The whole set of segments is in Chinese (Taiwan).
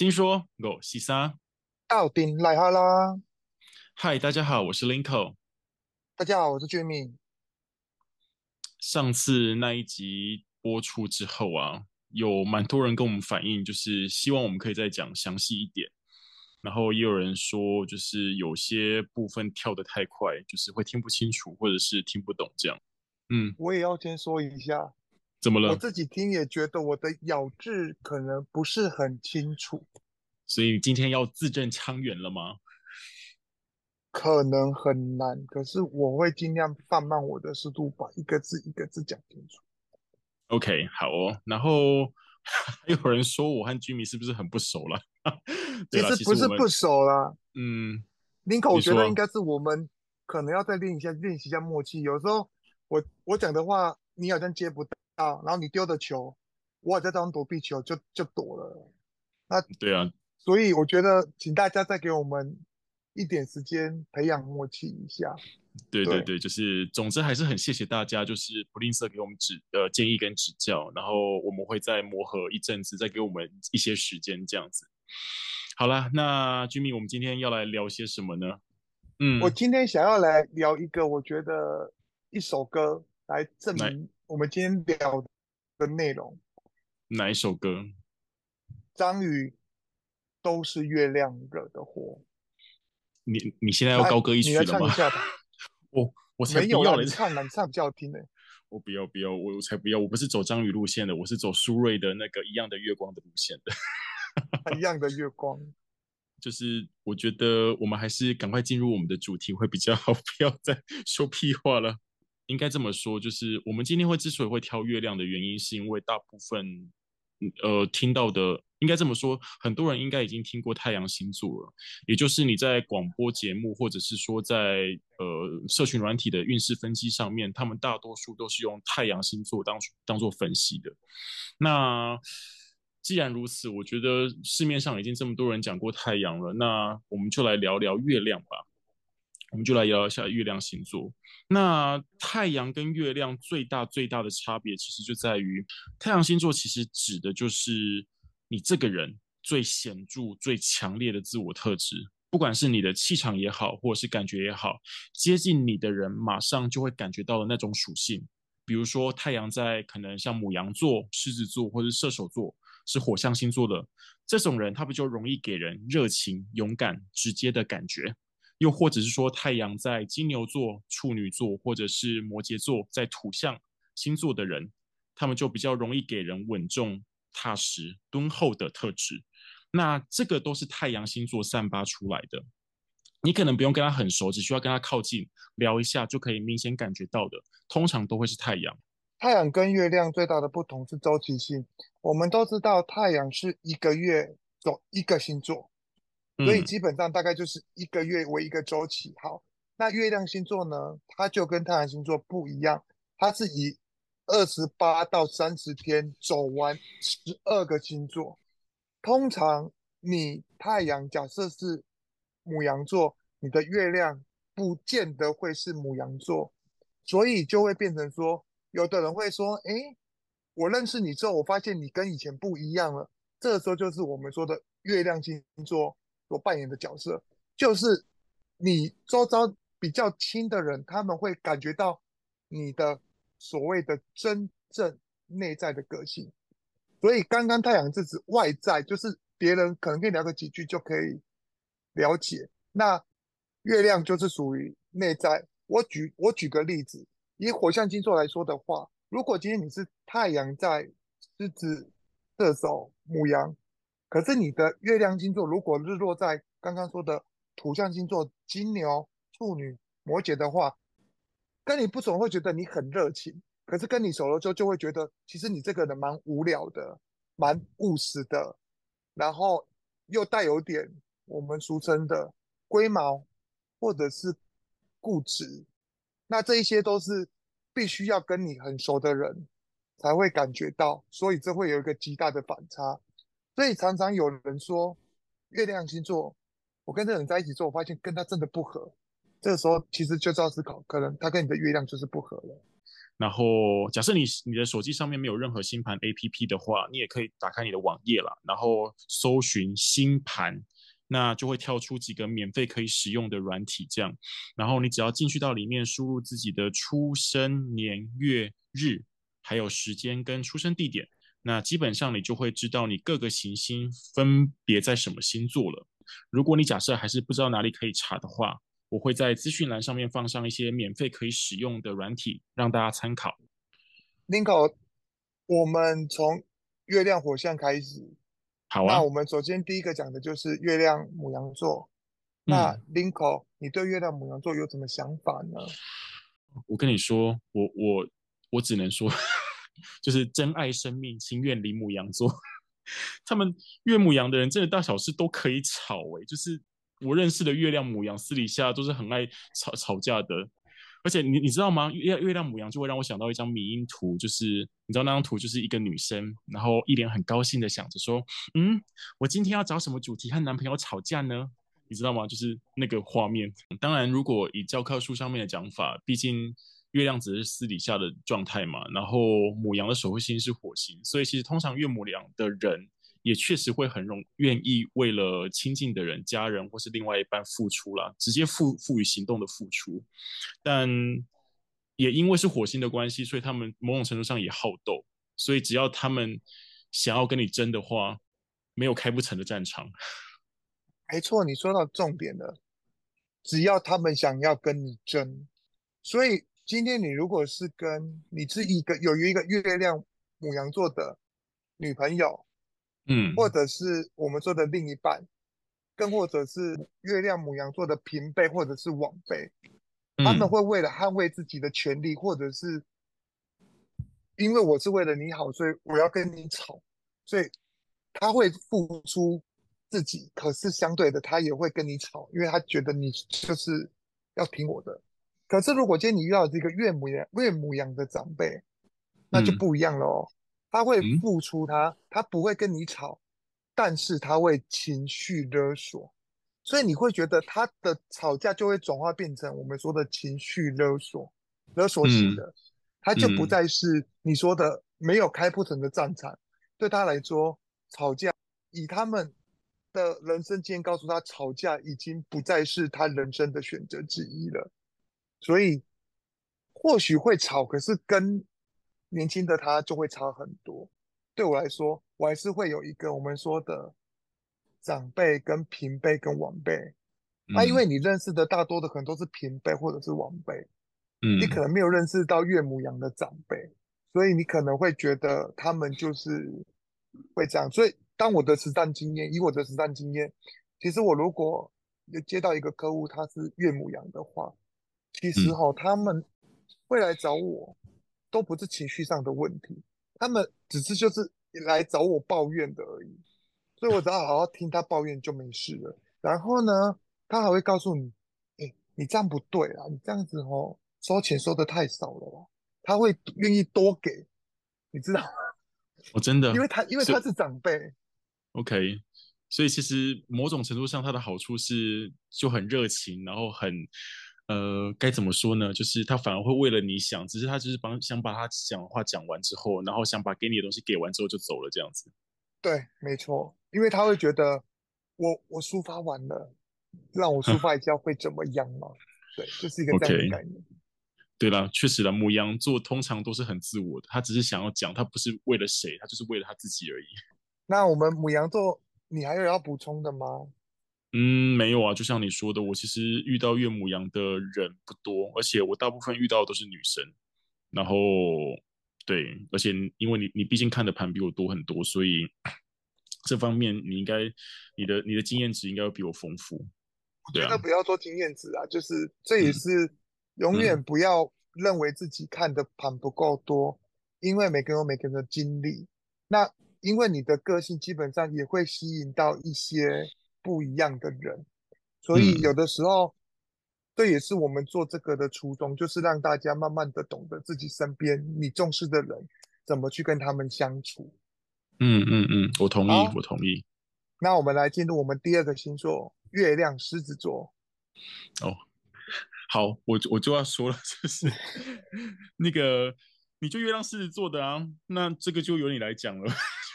聽說，Go 西沙，到來哈啦！Hi，大家好，我是 Linko。大家好，我是 Jimmy。上次那一集播出之後啊，有蠻多人跟我們反映，就是希望我們可以再講詳細一點。然後也有人說，就是有些部分跳得太快，就是會聽不清楚，或者是聽不懂這樣。嗯，我也要先說一下。怎麼了？我自己聽也覺得我的咬字可能不是很清楚，所以今天要字正腔圓了嗎？可能很難，可是我會盡量放慢我的速度，把一個字一個字講清楚。OK，好哦。然後還有人說我和居民是不是很不熟了？ 啦其實不是不熟了，嗯，林可，我覺得說應該是我們可能要再練一下，練習一下默契。有時候我我講的話，你好像接不到，然後你丟的球，我好像當躲避球就就躲了。那對啊，所以我覺得，請大家再給我們一點時間培養默契一下。對對對，對就是，總之還是很謝謝大家，就是不吝嗇給我們指呃建議跟指教，然後我們會再磨合一陣子，再給我們一些時間這樣子。好了，那君民，我們今天要來聊些什麼呢？嗯，我今天想要來聊一個，我覺得一首歌。來證明我們今天聊的內容，哪一首歌？張宇，都是月亮惹的禍。你你現在要高歌一曲了嗎？我我才沒有要唱，你唱比較好聽誒、欸。我不要我不要我，我才不要！我不是走張宇路線的，我是走蘇芮的那個一樣的月光的路線的。 一樣的月光，就是我覺得我們還是趕快進入我們的主題會比較好，不要再說屁話了。應該這麼說，就是我們今天會之所以會挑月亮的原因，是因為大部分呃聽到的，應該這麼說，很多人應該已經聽過太陽星座了，也就是你在廣播節目或者是說在呃社群軟體的運勢分析上面，他們大多數都是用太陽星座當當做分析的。那既然如此，我覺得市面上已經這麼多人講過太陽了，那我們就來聊聊月亮吧。我們就來聊，聊一下月亮星座。那太陽跟月亮最大最大的差別，其實就在於太陽星座其實指的就是你這個人最顯著、最強烈的自我特質，不管是你的氣場也好，或是感覺也好，接近你的人馬上就會感覺到的那種屬性。比如說太陽在可能像牡羊座、獅子座或者是射手座是火象星座的這種人，他不就容易給人熱情、勇敢、直接的感覺？又或者是說，太陽在金牛座、處女座，或者是摩羯座，在土象星座的人，他們就比較容易給人穩重、踏實、敦厚的特質。那這個都是太陽星座散發出來的。你可能不用跟他很熟，只需要跟他靠近聊一下，就可以明顯感覺到的。通常都會是太陽。太陽跟月亮最大的不同是週期性。我們都知道，太陽是一個月走一個星座。所以基本上大概就是一個月為一個週期。好，那月亮星座呢？它就跟太陽星座不一樣，它是以二十八到三十天走完十二個星座。通常你太陽假設是牡羊座，你的月亮不見得會是牡羊座，所以就會變成說，有的人會說：“誒、欸，我認識你之後，我發現你跟以前不一樣了。”這個時候就是我們說的月亮星座。所扮演的角色，就是你周遭比較親的人，他們會感覺到你的所謂的真正內在的個性。所以剛剛太陽是指外在，就是別人可能跟你聊個幾句就可以了解。那月亮就是屬於內在。我舉我舉個例子，以火象星座來說的話，如果今天你是太陽在獅子、射手、牡羊。可是你的月亮星座，如果日落在剛剛說的土象星座——金牛、處女、摩羯的話，跟你不熟會覺得你很熱情；可是跟你熟了之後，就會覺得其實你這個人蠻無聊的，蠻務實的，然後又帶有點我們俗稱的龜毛，或者是固執。那這一些都是必須要跟你很熟的人才會感覺到，所以這會有一個極大的反差。所以常常有人說，月亮星座，我跟這個人在一起做，我發現跟他真的不合。這個時候其實就知道思考，可能他跟你的月亮就是不合了。然後假設你你的手機上面沒有任何星盤 APP 的話，你也可以打開你的網頁啦，然後搜尋星盤，那就會跳出幾個免費可以使用的軟體，這樣。然後你只要進去到裡面，輸入自己的出生年月日，還有時間跟出生地點。那基本上你就會知道你各個行星分別在什麼星座了。如果你假設還是不知道哪裡可以查的話，我會在資訊欄上面放上一些免費可以使用的軟體，讓大家參考。Linko，我們從月亮、火象開始。好啊。那我們首先第一個講的就是月亮牡羊座。那 Linko，你對月亮牡羊座有什麼想法呢？我跟你說，我我我只能說。就是珍愛生命，請遠離牡羊座。 他們月牡羊的人，真的大小事都可以吵誒、欸，就是我認識的月亮牡羊，私底下都是很愛吵吵架的。而且你你知道嗎？月月亮牡羊就會讓我想到一張迷因圖，就是你知道那張圖就是一個女生，然後一臉很高興的想着說：“嗯，我今天要找什麼主題和男朋友吵架呢？”你知道嗎？就是那個畫面。當然，如果以教科書上面的講法，畢竟。月亮只是私底下的狀態嘛，然後牡羊的守護星是火星，所以其實通常月牡羊的人也確實會很容願意為了親近的人、家人或是另外一半付出了，直接付付予行動的付出，但也因為是火星的關係，所以他們某種程度上也好鬥，所以只要他們想要跟你爭的話，沒有開不成的戰場。沒錯，你說到重點了，只要他們想要跟你爭，所以。今天你如果是跟你是一個有一個月亮牡羊座的女朋友，嗯，或者是我們說的另一半，更或者是月亮牡羊座的平輩或者是晚輩，嗯、他們會為了捍衛自己的權利，或者是因為我是為了你好，所以我要跟你吵，所以他會付出自己，可是相對的，他也會跟你吵，因為他覺得你就是要聽我的。可是，如果今天你遇到這個月牡羊、月牡羊的長輩，那就不一樣了哦，嗯、他會付出他，他他不會跟你吵，但是他會情緒勒索，所以你會覺得他的吵架就會轉化變成我們說的情緒勒索，勒索型的。嗯嗯、他就不再是你說的沒有開不成的戰場。對他來說，吵架以他們的人生經驗告訴他，吵架已經不再是他人生的選擇之一了。所以或許會吵，可是跟年輕的他就會差很多。對我來說，我還是會有一個我們說的長輩、跟平輩、跟晚輩。那、啊、因為你認識的大多的可能都是平輩或者是晚輩，嗯，你可能沒有認識到月亮牡羊的長輩，所以你可能會覺得他們就是會這樣。所以，當我的實戰經驗，以我的實戰經驗，其實我如果接到一個客戶，他是月亮牡羊的話。其實哈、哦，嗯、他們會來找我，都不是情緒上的問題，他們只是就是來找我抱怨的而已。所以，我只要好好聽他抱怨就沒事了。 然後呢，他還會告訴你：“哎、欸，你這樣不對啊，你這樣子哦，收錢收得太少了啦。”他會願意多給，你知道嗎？我、oh, 真的，因為他因為他是長輩、so、，OK。所以，其實某種程度上，他的好處是就很熱情，然後很。呃，該怎麼說呢？就是他反而會為了你想，只是他只是幫想把他講的話講完之後，然後想把給你的東西給完之後就走了這樣子。對，沒錯，因為他會覺得我我抒發完了，讓我抒發一下會怎麼樣嘛？蛤對，這、就是一個這樣的概念。Okay. 對啦，確實啦，牡羊座通常都是很自我的，他只是想要講，他不是為了誰，他就是為了他自己而已。那我們牡羊座，你還有要補充的嗎？嗯，沒有啊，就像你說的，我其實遇到月牡羊的人不多，而且我大部分遇到的都是女生。然後，對，而且因為你你畢竟看的盤比我多很多，所以這方面你應該你的你的經驗值應該會比我豐富。我覺得不要說經驗值啦啊，就是這也是永遠不要認為自己看的盤不夠多，嗯，因為每個人有每個人的經歷，那因為你的個性基本上也會吸引到一些。不一樣的人，所以有的時候，這、嗯、也是我們做這個的初衷，就是讓大家慢慢的懂得自己身邊你重視的人怎麼去跟他們相處。嗯嗯嗯，我同意，好我同意。那我們來進入我們第二個星座——月亮獅子座。哦，好，我我就要說了，就是那個，你就月亮獅子座的啊，那這個就由你來講了，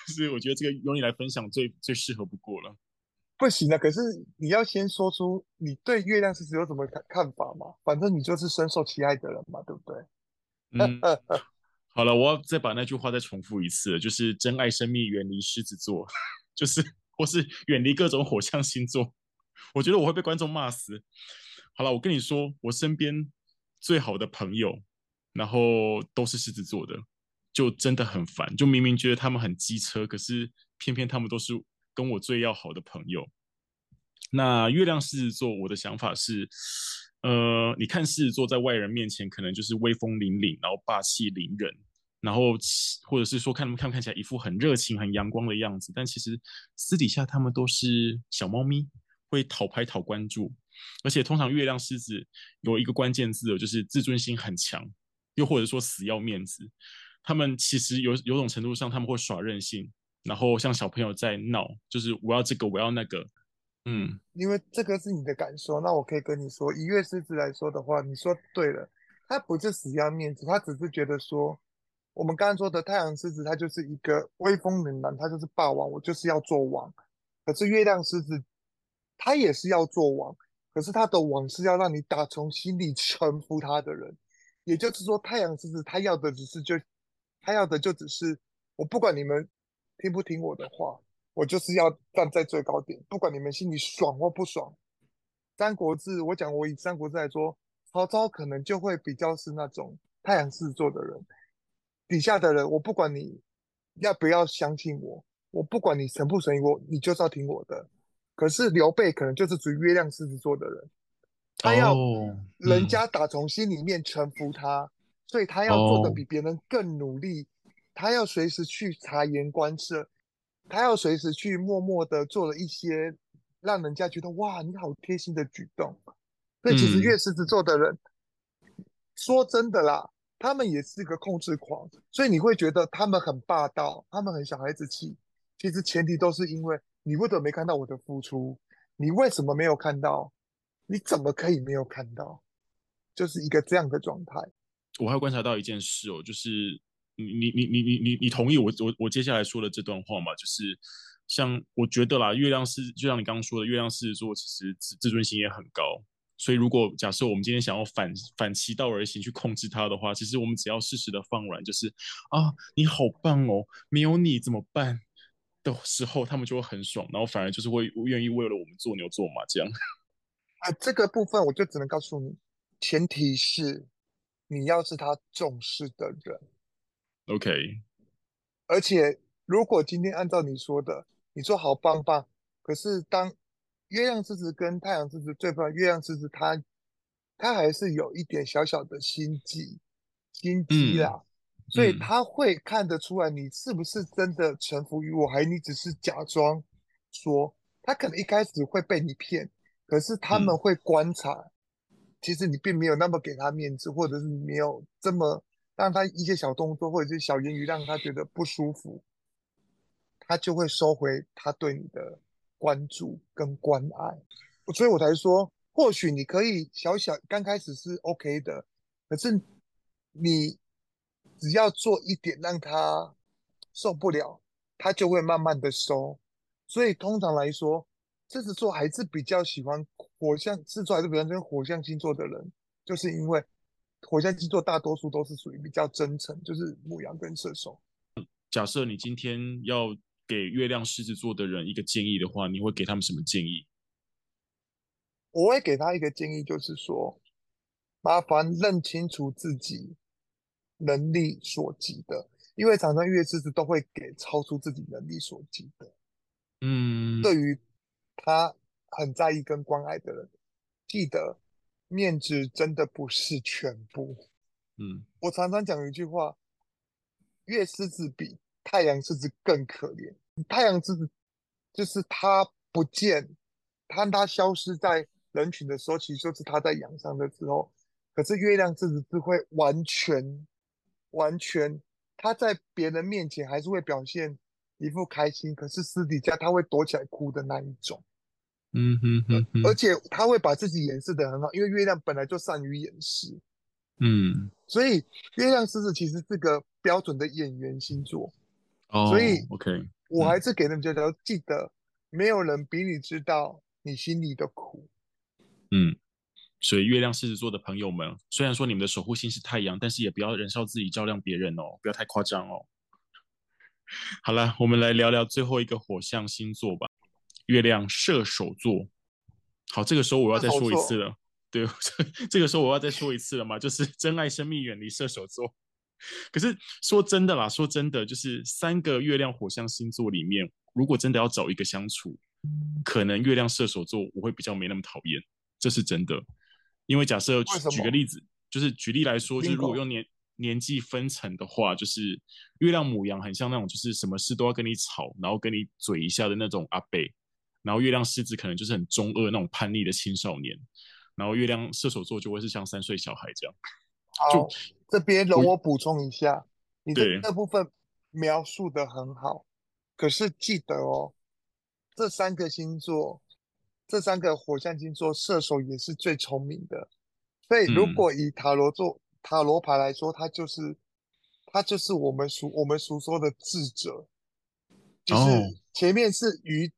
就是我覺得這個由你來分享最最適合不過了。不行的，可是你要先說出你對月亮獅子有什麼看看法嘛？反正你就是深受其害的人嘛，對不對？嗯嗯嗯，好了，我要再把那句話再重複一次，就是珍愛生命，遠離獅子座，就是或是遠離各種火象星座。我覺得我會被觀眾罵死。好了，我跟你說，我身邊最好的朋友，然後都是獅子座的，就真的很煩。就明明覺得他們很機車，可是偏偏他們都是。跟我最要好的朋友。那月亮獅子座，我的想法是，呃，你看獅子座在外人面前可能就是威風凜凜，然後霸氣凌人，然後或者是說看他們看不看起來一副很熱情、很陽光的樣子，但其實私底下他們都是小貓咪，會討拍、討關注。而且通常月亮獅子有一個關鍵字，就是自尊心很強，又或者說死要面子。他們其實有某種程度上他們會耍任性。然後像小朋友在鬧，就是我要這個，我要那個，嗯，因為這個是你的感受，那我可以跟你說，以月獅子來說的話，你說對了，他不是死要面子，他只是覺得說，我們剛剛說的太陽獅子，他就是一個威風凛凛，他就是霸王，我就是要做王。可是月亮獅子，他也是要做王，可是他的王是要讓你打從心裡臣服他的人。也就是說，太陽獅子他要的只是就，他要的就只是我不管你們。聽不聽我的話，我就是要站在最高點，不管你們心裡爽或不爽。三國志。我講，我以三國志來說，曹操可能就會比較是那種太陽獅子座的人，底下的人，我不管你要不要相信我，我不管你誠不誠意，我你就是要聽我的。可是劉備可能就是屬於月亮獅子座的人，他要人家打從心裡面臣服他，oh, 所以他要做的比別人更努力。Oh. 他要隨時去察言觀色，他要隨時去默默的做了一些讓人家覺得哇，你好貼心的舉動。所以其實，月獅子座的人，嗯、說真的啦，他們也是一個控制狂。所以你會覺得他們很霸道，他們很小孩子氣。其實前提都是因為你為什麼沒看到我的付出？你為什麼沒有看到？你怎麼可以沒有看到？就是一個這樣的狀態。我還觀察到一件事哦，就是。你你你你你你同意我我我接下來說的這段話嗎？就是像我覺得啦，月亮是就像你剛剛說的，月亮獅子座其實自自尊心也很高，所以如果假設我們今天想要反反其道而行去控制他的話，其實我們只要適時的放軟，就是啊你好棒哦，沒有你怎麼辦的時候，他們就會很爽，然後反而就是會願意為了我們做牛做馬這樣。啊，這個部分我就只能告訴你，前提是你要是他重視的人。OK，而且如果今天按照你說的，你說好棒棒，可是當月亮獅子跟太陽獅子最碰，月亮獅子他他還是有一點小小的心機，心機啊，嗯、所以他會看得出來你是不是真的臣服於我，還你只是假裝說，他可能一開始會被你騙，可是他們會觀察，嗯、其實你並沒有那麼給他面子，或者是你沒有這麼。讓他一些小動作或者是小言語，讓他覺得不舒服，他就會收回他對你的關注跟關愛。所以我才說，或許你可以小小，剛開始是 OK 的，可是你只要做一點讓他受不了，他就會慢慢的收。所以通常來說，獅子座還是比較喜歡火象，獅子座還是比較喜歡火象星座的人，就是因為。火象星座大多數都是屬於比較真誠，就是牧羊跟射手。假設你今天要給月亮獅子座的人一個建議的話，你會給他們什麼建議？我會給他一個建議，就是說，麻煩認清楚自己能力所及的，因為常常月獅子都會給超出自己能力所及的。嗯，對於他很在意跟關愛的人，記得。面子真的不是全部。嗯，我常常講一句話，月獅子比太陽獅子更可憐。太陽獅子就是他不見，看他消失在人群的時候，其實就是他在養傷的時候。可是月亮獅子是會完全、完全，他在別人面前還是會表現一副開心，可是私底下他會躲起來哭的那一種。嗯哼哼，哼，而且他會把自己掩飾得很好，因為月亮本來就善於掩飾。嗯，所以月亮獅子其實是個標準的演員星座。哦。所以，OK，我還是給那條條記得，沒有人比你知道你心裡的苦。嗯。所以，月亮獅子座的朋友們，雖然說你們的守護星是太陽，但是也不要燃燒自己照亮別人哦，不要太誇張哦。好了，我們來聊聊最後一個火象星座吧。月亮射手座，好，這個時候我要再說一次了。這對，這個時候我要再說一次了嘛，就是珍愛生命，遠離射手座。可是說真的啦，說真的，就是三個月亮火象星座裡面，如果真的要找一個相處，可能月亮射手座我會比較沒那麼討厭，這是真的。因為假設舉，舉個例子，就是舉例來說，就是如果用年年紀分層的話，就是月亮牡羊很像那種，就是什麼事都要跟你吵，然後跟你嘴一下的那種阿伯。然後月亮獅子可能就是很中二那種叛逆的青少年，然後月亮射手座就會是像三歲小孩這樣。就這邊讓我補充一下，你這部分描述的很好，可是記得哦，這三個星座，這三個火象星座，射手也是最聰明的。所以如果以塔羅座、嗯、塔羅牌來說，他就是他就是我們俗我們俗說的智者，就是前面是魚、哦。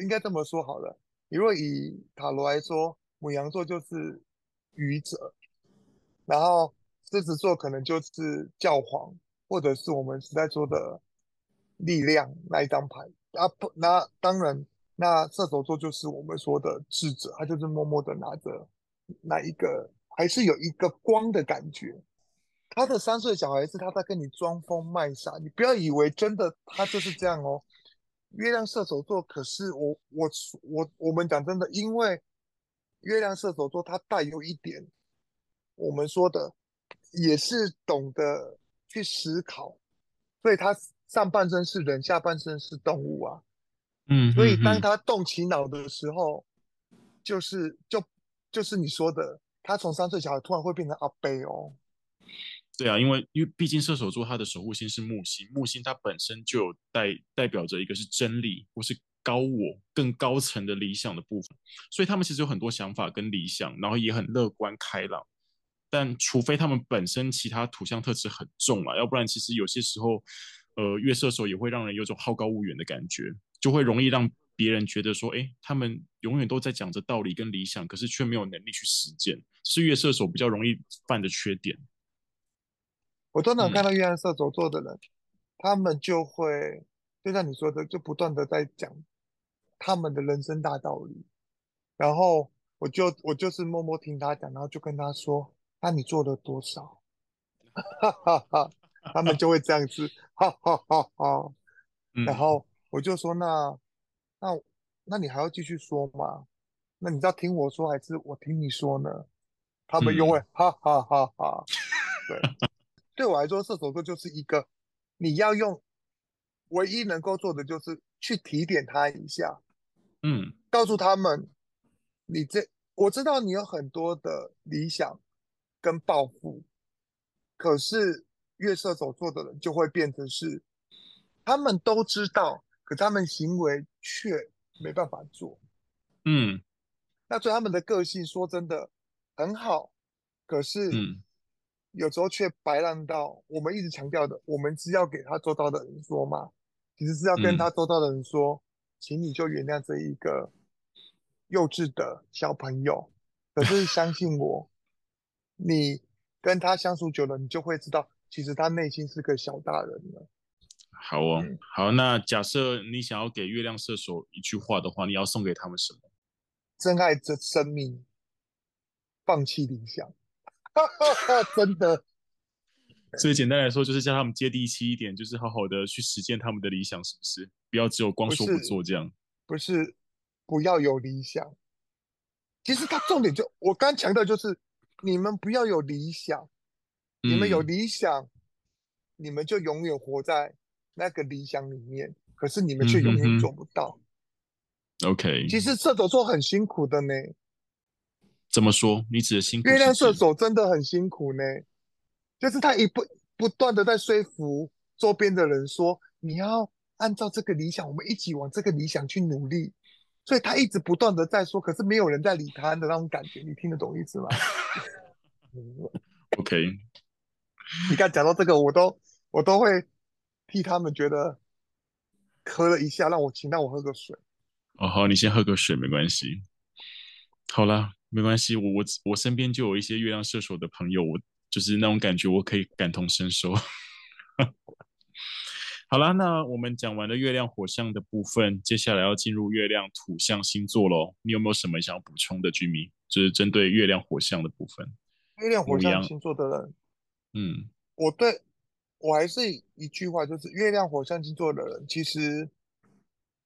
應該這麼說好了。如果以塔羅來說，牡羊座就是愚者，然後獅子座可能就是教皇，或者是我們實在說的力量那一張牌。啊，那當然，那射手座就是我們說的智者，他就是默默的拿着那一個，還是有一個光的感覺。他的三歲小孩子，他在跟你裝瘋賣傻，你不要以為真的他就是這樣哦。月亮射手座，可是我我我我，我們講真的，因為月亮射手座它帶有一點，我們說的也是懂得去思考，所以它上半身是人，下半身是動物啊。嗯哼哼，所以當他動起腦的時候，就是就就是你說的，他從三歲小孩突然會變成阿伯哦。對啊，因為因為畢竟射手座他的守護星是木星，木星它本身就有代代表着一個是真理或是高我更高層的理想的部分，所以他們其實有很多想法跟理想，然後也很樂觀開朗。但除非他們本身其他土象特質很重啊，要不然其實有些時候，呃，月射手也會讓人有種好高騖遠的感覺，就會容易讓別人覺得說，哎，他們永遠都在講着道理跟理想，可是卻沒有能力去實踐，是月射手比較容易犯的缺點。我通常看到月亮射手座的人，嗯、他們就會就像你說的，就不斷的在講他們的人生大道理，然後我就我就是默默聽他講，然後就跟他說：“那你做了多少？”哈哈哈，他們就會這樣子，哈哈哈哈，然後我就說：“那那那你還要繼續說嗎？那你要聽我說還是我聽你說呢？”他們又會哈哈哈哈，嗯、 對。對我來說，射手座就是一個你要用唯一能夠做的，就是去提點他一下，嗯，告訴他們，你這我知道你有很多的理想跟抱負，可是月射手座的人就會變成是，他們都知道，可他們行為卻沒辦法做，嗯，那所以他們的個性說真的很好，可是，嗯有時候卻白爛到我們一直強調的，我們是要給他周遭的人說嘛，其實是要跟他周遭的人說，嗯、請你就原諒這一個幼稚的小朋友。可是相信我， 你跟他相處久了，你就會知道，其實他內心是個小大人了。好哦，嗯、好，那假設你想要給月亮射手一句話的話，你要送給他們什麼？珍愛這生命，放棄理想。哈哈， 真的。所以簡單來說，就是叫他們接地氣一點，就是好好的去實踐他們的理想，是不是？不要只有光說不做這樣。不是，不是，不要有理想。其實他重點就我剛強調，就是你們不要有理想。你們有理想，嗯、你們就永遠活在那個理想裡面，可是你們卻永遠做不到。嗯、哼哼 OK。其實射手座很辛苦的呢。怎麼說？你指的辛苦？月亮射手真的很辛苦呢，就是他一不不斷的在說服周邊的人說，你要按照這個理想，我們一起往這個理想去努力，所以他一直不斷的在說，可是沒有人在理他的那種感覺，你聽得懂意思嗎？OK，你剛講到這個，我都我都會替他們覺得咳了一下，讓我請讓我喝個水。哦，好，你先喝個水沒關係。好了。沒關係，我我我身邊就有一些月亮射手的朋友，我就是那種感覺，我可以感同身受。 好啦，那我們講完了月亮火象的部分，接下來要進入月亮土象星座嘍。你有沒有什麼想要補充的，居民？就是針對月亮火象的部分。月亮火象星座的人，樣嗯，我對我還是一句話，就是月亮火象星座的人，其實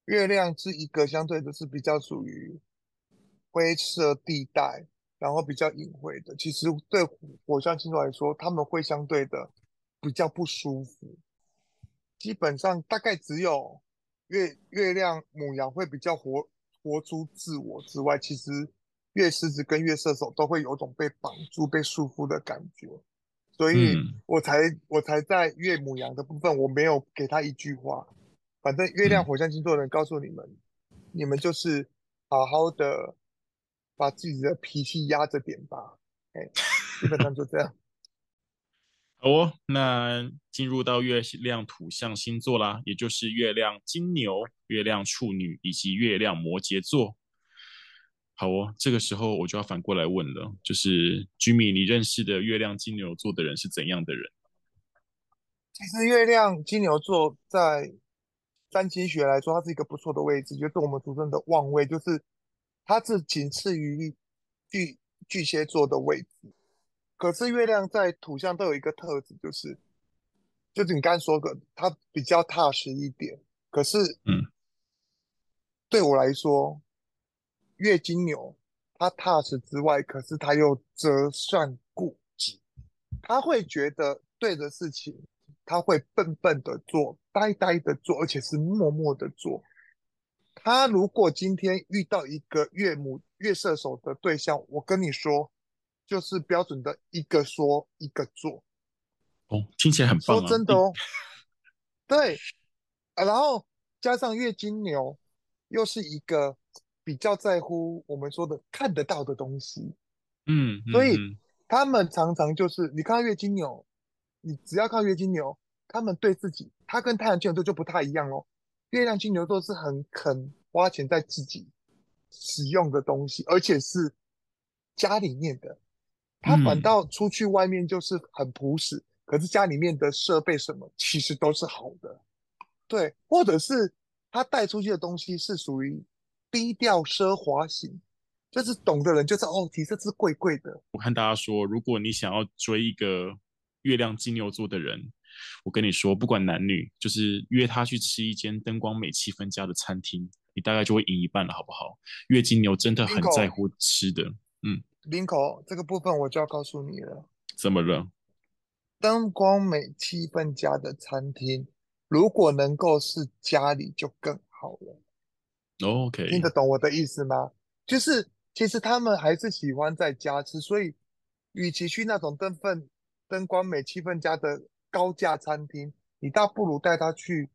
月亮是一個相對的是比較屬於。灰色地帶，然後比較隱晦的，其實對火象星座來說，他們會相對的比較不舒服。基本上大概只有月月亮牡羊會比較活活出自我之外，其實月獅子跟月射手都會有種被綁住、被束縛的感覺。所以我才我才在月牡羊的部分，我沒有給他一句話。反正月亮火象星座的人、嗯、告訴你們，你們就是好好的。把自己的脾氣壓着點吧，哎，基本上就這樣。好哦，那進入到月亮土象星座啦，也就是月亮金牛、月亮處女以及月亮摩羯座。好哦，這個時候我就要反過來問了，就是 Jimmy，你認識的月亮金牛座的人是怎樣的人？其實月亮金牛座在占星學來說，它是一個不錯的位置，就是我們俗稱的旺位，就是。它是僅次於巨巨蟹座的位置，可是月亮在土象都有一個特質，就是，就是就是你剛才說的，它比較踏實一點。可是，嗯，對我來說，月金牛他踏實之外，可是他又擇善固執，他會覺得對的事情，他會笨笨的做，呆呆的做，而且是默默的做。他如果今天遇到一個月牡、月射手的對象，我跟你說，就是標準的一個說一個做。哦，聽起來很棒啊！說真的哦，嗯、對，啊，然後加上月金牛，又是一個比較在乎我們說的看得到的東西。嗯，所以、嗯、他們常常就是，你看到月金牛，你只要看月金牛，他們對自己，他跟太陽金牛座就不太一樣哦。月亮金牛座是很肯花錢在自己使用的東西，而且是家裡面的。他反倒出去外面就是很樸實，嗯，可是家裡面的設備什麼其實都是好的。對，或者是他帶出去的東西是屬於低調奢華型，就是懂的人就知道哦，其實這是貴貴的。我看大家說，如果你想要追一個月亮金牛座的人。我跟你說，不管男女，就是約他去吃一間燈光美、氣氛佳的餐廳，你大概就會贏一半了，好不好？月金牛真的很在乎吃的，口嗯。林口這個部分我就要告訴你了。怎麼了？燈光美、氣氛佳的餐廳，如果能夠是家裡就更好了。Oh, OK，聽得懂我的意思嗎？就是其實他們還是喜歡在家吃，所以與其去那種燈氛、燈光美、氣氛佳的。高價餐廳，你倒不如帶他去，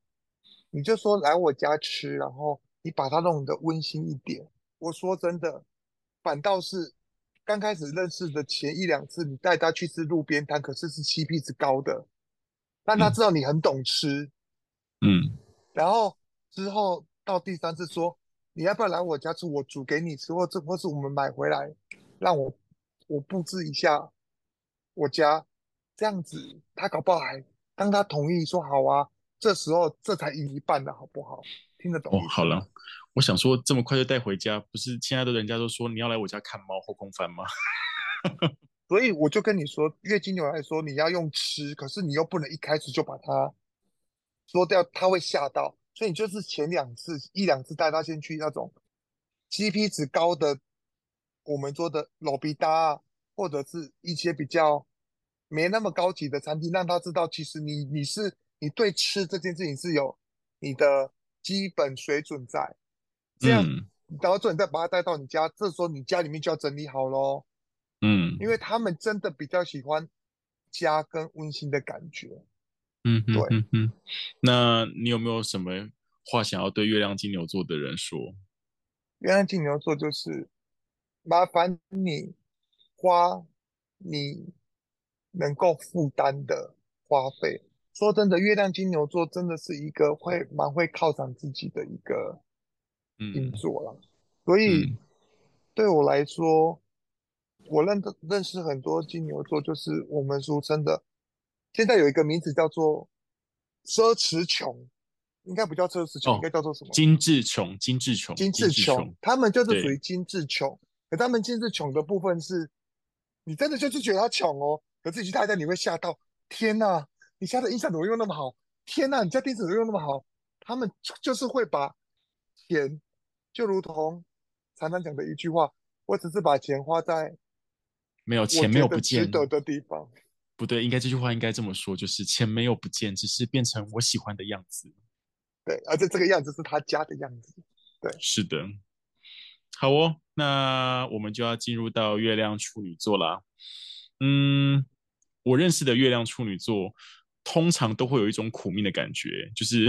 你就說，來我家吃，然後你把他弄得溫馨一點。我說真的，反倒是剛開始認識的前一兩次，你帶他去吃路邊攤，可是是 CP 值高的，但他知道你很懂吃。嗯，嗯，然後之後到第三次說，你要不要來我家吃？我煮給你吃，或者或是我們買回來，讓我我布置一下我家。這樣子，他搞不好還當他同意說好啊，這時候這才贏一半了好不好？聽得懂？哦，好了，我想說這麼快就帶回家，不是親愛的人家都說你要來我家看貓後空翻嗎？ 所以我就跟你說，月經有來說你要用吃，可是你又不能一開始就把它說掉，它會嚇到，所以你就是前兩次一兩次帶他先去那種 G P 值高的，我們說的老逼搭或者是一些比較。沒那麼高級的餐廳，讓他知道其實你你是你對吃這件事情是有你的基本水準在。這樣，然後準，你再把他帶到你家，嗯、這時候你家裡面就要整理好嘍。嗯，因為他們真的比較喜歡家跟溫馨的感覺。嗯哼，對，嗯，那你有沒有什麼話想要對月亮金牛座的人說？月亮金牛座就是麻煩你花你。能夠負擔的花費，說真的，月亮金牛座真的是一個會蠻會犒賞自己的一個星座啦。嗯、所以、嗯、對我來說，我認認識很多金牛座，就是我們俗稱的，現在有一個名字叫做“奢侈窮”，應該不叫奢侈窮，哦、應該叫做什麼？“精緻窮”。精緻窮。精緻窮。他們就是屬於精緻窮，對可他們精緻窮的部分是，你真的就是覺得他窮哦。可自己去太太，你會嚇到！天哪，你家的音響怎麼用那麼好？天哪，你家電視怎麼用那麼好？他們就，就是會把錢，就如同常常講的一句話：我只是把錢花在值得沒有錢沒有不見的地方。不對，應該這句話應該這麼說：就是錢沒有不見，只是變成我喜歡的樣子。對，而且這個樣子是他家的樣子。對，是的。好哦，那我們就要進入到月亮處女座啦。嗯，我認識的月亮處女座，通常都會有一種苦命的感覺，就是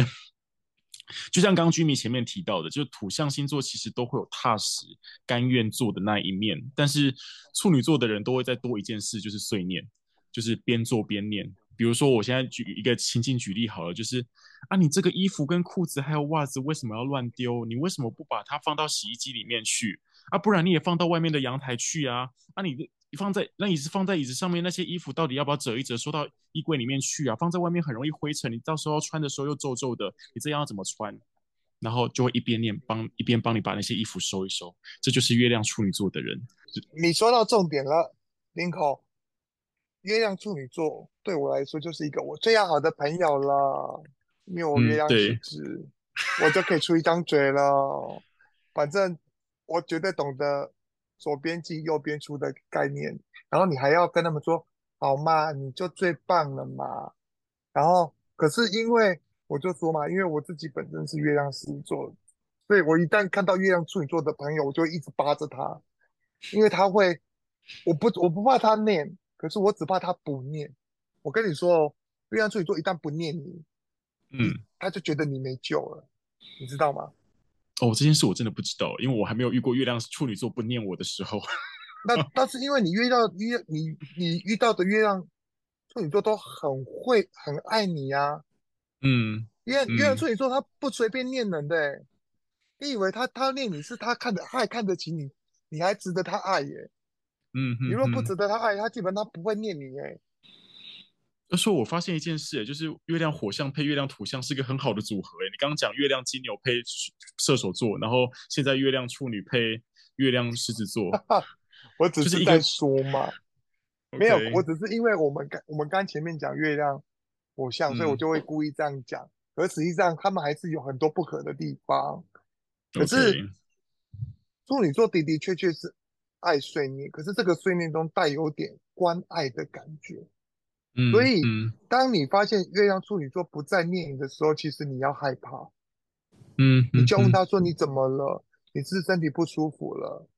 就像剛剛居民前面提到的，就是土象星座其實都會有踏實、甘願做的那一面，但是處女座的人都會再多一件事就，就是碎念，就是邊做邊念。比如說，我現在舉一個情境舉例好了，就是啊，你這個衣服，跟褲子還有襪子為什麼要亂丟？你為什麼不把它放到洗衣機裡面去啊？不然你也放到外面的陽台去啊？啊，你的。你放在那椅子，放在椅子上面那些衣服，到底要不要折一折，收到衣櫃裡面去啊？放在外面很容易灰塵，你到時候穿的時候又皺皺的，你這樣要怎麼穿？然後就會一邊念幫一邊幫你把那些衣服收一收，這就是月亮處女座的人。你說到重點了，林口，月亮處女座對我來說就是一個我最要好的朋友了。因為我們月亮氣、嗯、我就可以出一張嘴了，反正我絕對懂得。左邊進右邊出的概念，然後你還要跟他們說，好嘛，你就最棒了嘛。然後可是因為我就說嘛，因為我自己本身是月亮處女座，所以我一旦看到月亮處女座的朋友，我就一直扒着他，因為他會，我不我不怕他念，可是我只怕他不念。我跟你說哦，月亮處女座一旦不念你，嗯，你，他就覺得你沒救了，你知道嗎？哦，這件事我真的不知道，因為我還沒有遇過月亮是處女座不念我的時候。那 那，是因為你遇到月，你你遇到的月亮處女座都很會很愛你呀、啊。嗯，月亮嗯月亮處女座他不隨便念人的，你以為他他念你是他看得他還看得起你，你還值得他愛耶。嗯，你、嗯、若不值得他愛，嗯、他基本上他不會念你耶。他說：“我發現一件事，就是月亮火象配月亮土象是一個很好的組合。哎，你剛剛講月亮金牛配射手座，然後現在月亮處女配月亮獅子座， 我只是在說嘛， Okay. 沒有，我只是因為我們剛我們剛，剛前面講月亮火象，嗯、所以我就會故意這樣講。可實際上，他們還是有很多不合的地方。Okay. 可是處女座的的確確是愛碎念，可是這個碎念中帶有點關愛的感覺。”所以，嗯嗯、當你發現月亮處女座不再念你的時候，其實你要害怕。嗯，嗯你就問他說：“你怎麼了？你是不是身體不舒服了？”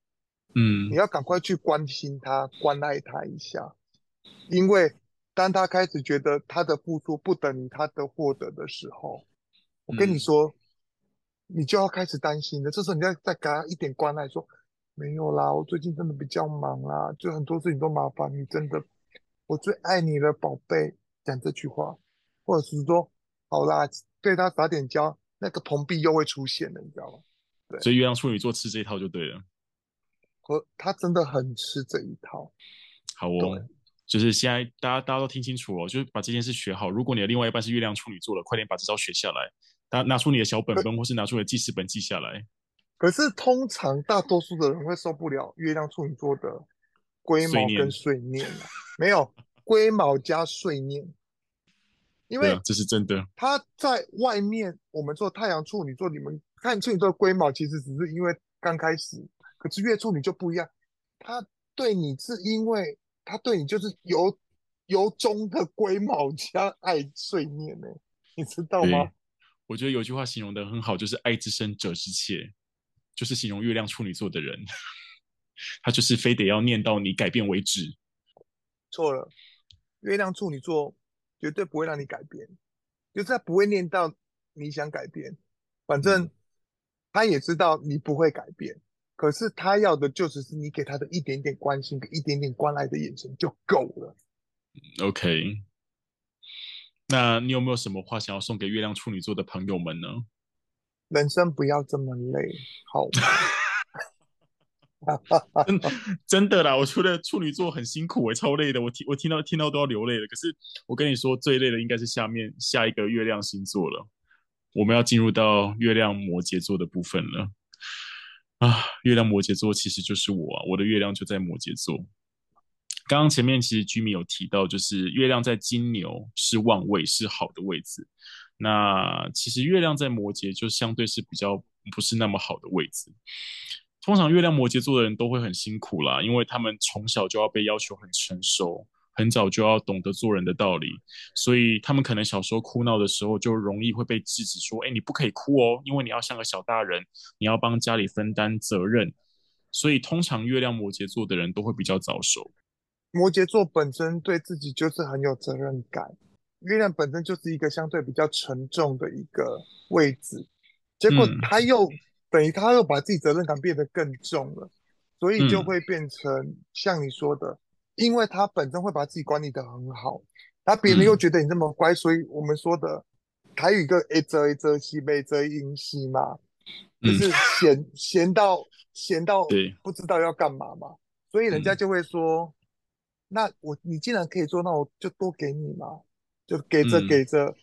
嗯，你要趕快去關心他、關愛他一下。因為當他開始覺得他的付出不等於他的獲得的時候，我跟你說，嗯、你就要開始擔心了。這時候你要再給他一點關愛，說：“沒有啦，我最近真的比較忙啦，就很多事情都麻煩你，真的。”我最愛你的寶貝，講這句話，或者是說好啦，對他撒點嬌，那個蓬壁又會出現了，你知道嗎？對，所以月亮處女座吃這一套就對了。我他真的很吃這一套。好哦，對就是現在大家大家都聽清楚哦，就是把這件事學好。如果你的另外一半是月亮處女座了，快點把這招學下來，拿拿出你的小本本，或是拿出你的記事本記下來。可是通常大多數的人會受不了月亮處女座的龜毛碎念跟碎念啊沒有龜毛加碎念，因為、啊、這是真的。他在外面，我們做太陽處女座，你們看處女座的龜毛，其實只是因為剛開始。可是月處女就不一樣，他對你是因為他對你就是由由衷的龜毛加愛碎念呢、欸，你知道嗎？我覺得有句話形容的很好，就是“愛之深，責之切”，就是形容月亮處女座的人， 他就是非得要念到你改變為止。錯了，月亮處女座絕對不會讓你改變，就是他不會念到你想改變，反正、嗯、他也知道你不會改變，可是他要的就只是你給他的一點點關心，跟一點點關愛的眼神就夠了。OK，那你有沒有什麼話想要送給月亮處女座的朋友們呢？人生不要這麼累，好。 嗯、真的啦，我覺得處女座很辛苦，欸，超累的。我聽我聽到聽到都要流淚了。可是我跟你說，最累的應該是下面下一個月亮星座了。我們要進入到月亮摩羯座的部分了。啊，月亮摩羯座其實就是我，啊，我的月亮就在摩羯座。剛剛前面其實 Jimmy 有提到，就是月亮在金牛是旺位，是好的位置。那其實月亮在摩羯就相對是比較不是那麼好的位置。通常月亮摩羯座的人都會很辛苦啦，因為他們從小就要被要求很成熟，很早就要懂得做人的道理，所以他們可能小時候哭鬧的時候就容易會被制止，說：“哎，你不可以哭哦，因為你要像個小大人，你要幫家裡分擔責任。”所以通常月亮摩羯座的人都會比較早熟。摩羯座本身對自己就是很有責任感，月亮本身就是一個相對比較沉重的一個位置，結果他又、嗯。等於他又把自己責任感變得更重了，所以就會變成像你說的，嗯、因為他本身會把自己管理得很好，而別人又覺得你這麼乖，嗯、所以我們說的台語一個 A 則 A 則西，B 則英西嘛，嗯、就是閒閒到閒到不知道對要幹嘛嘛，所以人家就會說，嗯、那我你既然可以做，那我就多給你嘛，就給着給着，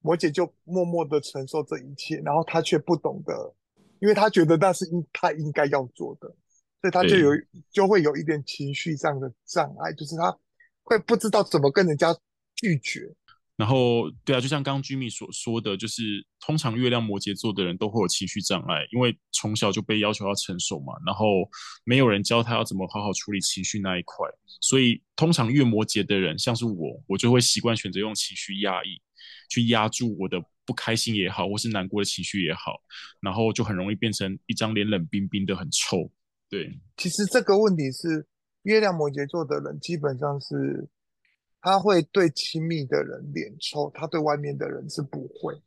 摩羯、嗯、就默默的承受這一切，然後他卻不懂得。因為他覺得那是應他應該要做的，所以他就有對就會有一點情緒上的障礙，就是他會不知道怎麼跟人家拒絕。然後，對啊，就像剛剛 Jimmy 所說的，就是通常月亮摩羯座的人都會有情緒障礙，因為從小就被要求要成熟嘛，然後沒有人教他要怎麼好好處理情緒那一塊，所以通常月摩羯的人，像是我，我就會習慣選擇用情緒壓抑去壓住我的。不開心也好，或是難過的情緒也好，然後就很容易變成一張臉冷冰冰的，很臭。對，其實這個問題是月亮摩羯座的人基本上是，他會對親密的人臉臭，他對外面的人是不會。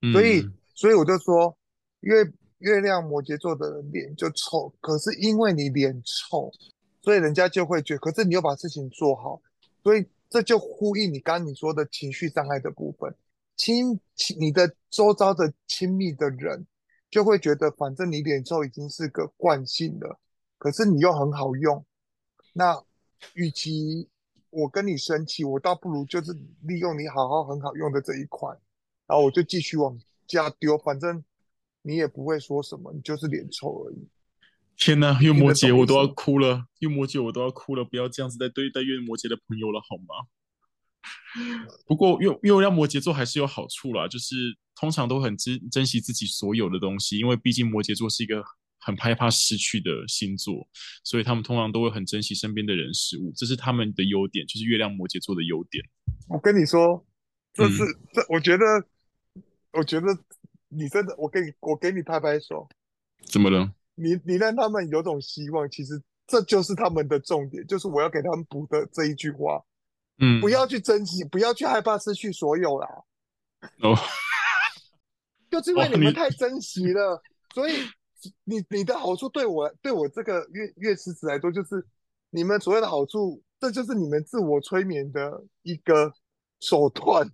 嗯。所以，所以我就說，月月亮摩羯座的人臉就臭，可是因為你臉臭，所以人家就會覺得，可是你又把事情做好，所以這就呼應你剛剛你說的情緒障礙的部分。親，親你的周遭的親密的人就會覺得，反正你臉臭已經是個慣性了，可是你又很好用。那與其我跟你生氣，我倒不如就是利用你好好很好用的這一塊，然後我就繼續往家丟，反正你也不會說什麼，你就是臉臭而已。天哪，月摩羯，我都要哭了！月摩羯，我都要哭了！不要這樣子再對待月摩羯的朋友了，好嗎？ 不過，月月亮摩羯座還是有好處啦，就是通常都很珍珍惜自己所有的東西，因為畢竟摩羯座是一個很害怕失去的星座，所以他們通常都會很珍惜身邊的人事物，這是他們的優點，就是月亮摩羯座的優點。我跟你說，這是這，我覺得，嗯、我覺得你真的，我給你我給你拍拍手，怎麼了？你你讓他們有種希望，其實這就是他們的重點，就是我要給他們補的這一句話。嗯，不要去珍惜，不要去害怕失去所有啦。哦，oh. 就是因為你們太珍惜了，oh, 所以你 你的好處對我對我這個月亮獅子來說，就是你們所有的好處，這就是你們自我催眠的一個手段。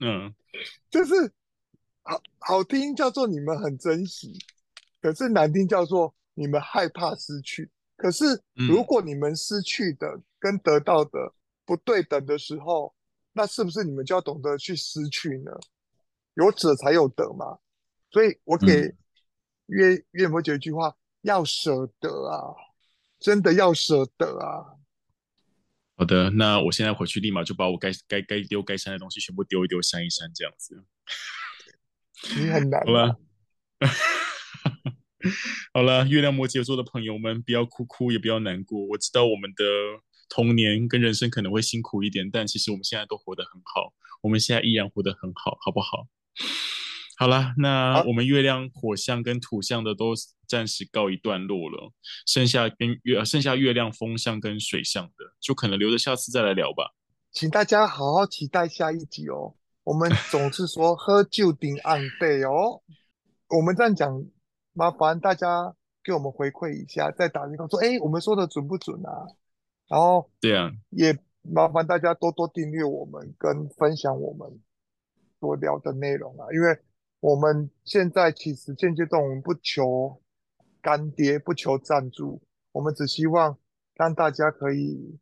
嗯，uh. 就是好好聽叫做你們很珍惜，可是難聽叫做你們害怕失去。可是如果你們失去的跟得到的。嗯不對等的時候，那是不是你們就要懂得去失去呢？有捨才有得嘛。所以我給月月亮摩羯一句話：要捨得啊，真的要捨得啊。好的，那我現在回去立馬就把我該該該丟該刪的東西全部丟一丟刪一刪，這樣子。 你很難。好啦 好了，月亮摩羯座的朋友們，不要哭哭，也不要難過。我知道我們的。童年跟人生可能會辛苦一點，但其實我們現在都活得很好，我們現在依然活得很好，好不好？好啦，那我們月亮火象跟土象的都暫時告一段落了，好剩下跟月剩下月亮風象跟水象的，就可能留着下次再來聊吧。請大家好好期待下一集哦。我們總是說好酒沉甕底哦， 我們這樣講，麻煩大家給我們回饋一下，再打一個說，哎，我們說的準不準啊？然後，對啊，也麻煩大家多多訂閱我們跟分享我們所聊的內容啊，因為我們現在其實間接動，不求乾爹，不求贊助，我們只希望讓大家可以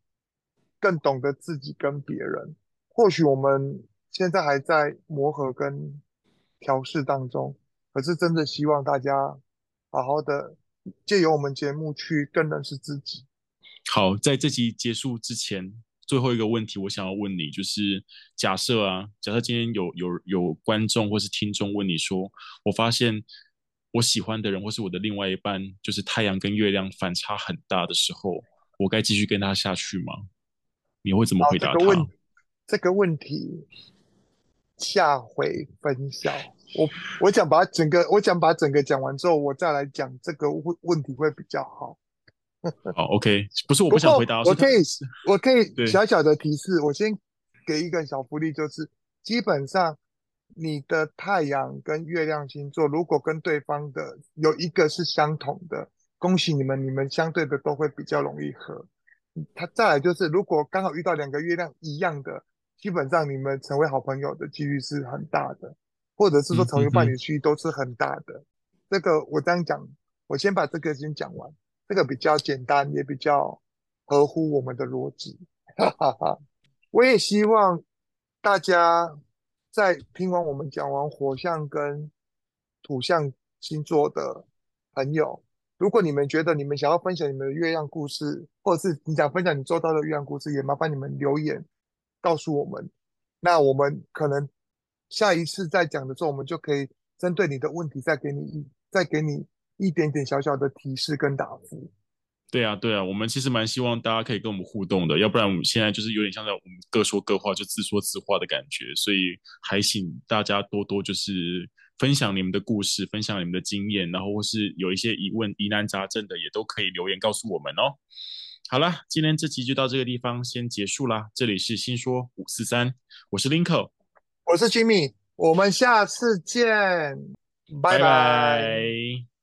更懂得自己跟別人。或許我們現在還在磨合跟調試當中，可是真的希望大家好好的借由我們節目去更認識自己。好，在這集結束之前，最後，一個問題，我想要問你，就是假設啊，假設今天有有有觀眾或是聽眾問你說，我發現我喜歡的人或是我的另外一半，就是太陽跟月亮反差很大的時候，我該繼續跟他下去嗎？你會怎麼回答他？哦，這個問，這個問題下回分享。我我想把整個我想把整個講完之後，我再來講這個問題會比較好。好、 oh，OK，不是我不想回答。哦，過我可以，我可以小小的提示，對我先給一個小福利，就是基本上你的太陽跟月亮星座，如果跟對方的有一個是相同的，恭喜你們，你們相對的都會比較容易合。他再來就是，如果剛好遇到兩個月亮一樣的，基本上你們成為好朋友的幾率是很大的，或者是說成為伴侶的幾率都是很大的。這、嗯嗯嗯、個我這樣講，我先把這個先講完。這個比較簡單，也比較合乎我們的邏輯，哈哈哈哈。我也希望大家在聽完我們講完火象跟土象星座的朋友，如果你們覺得你們想要分享你們的月亮故事，或者是你想分享你做到的月亮故事，也麻煩你們留言告訴我們。那我們可能下一次再講的時候，我們就可以針對你的問題再給你，再給你。一點點小小的提示跟答覆對啊，對啊，我們其實蠻希望大家可以跟我們互動的，要不然我們現在就是有點像在我們各說各話，就自說自話的感覺。所以還請大家多多就是分享你們的故事，分享你們的經驗，然後或是有一些疑問疑難雜症的，也都可以留言告訴我們哦。好啦，今天這集就到這個地方先結束啦。這裡是新說五四三，我是 Linko，我是 Jimmy，我們下次見，拜拜。Bye bye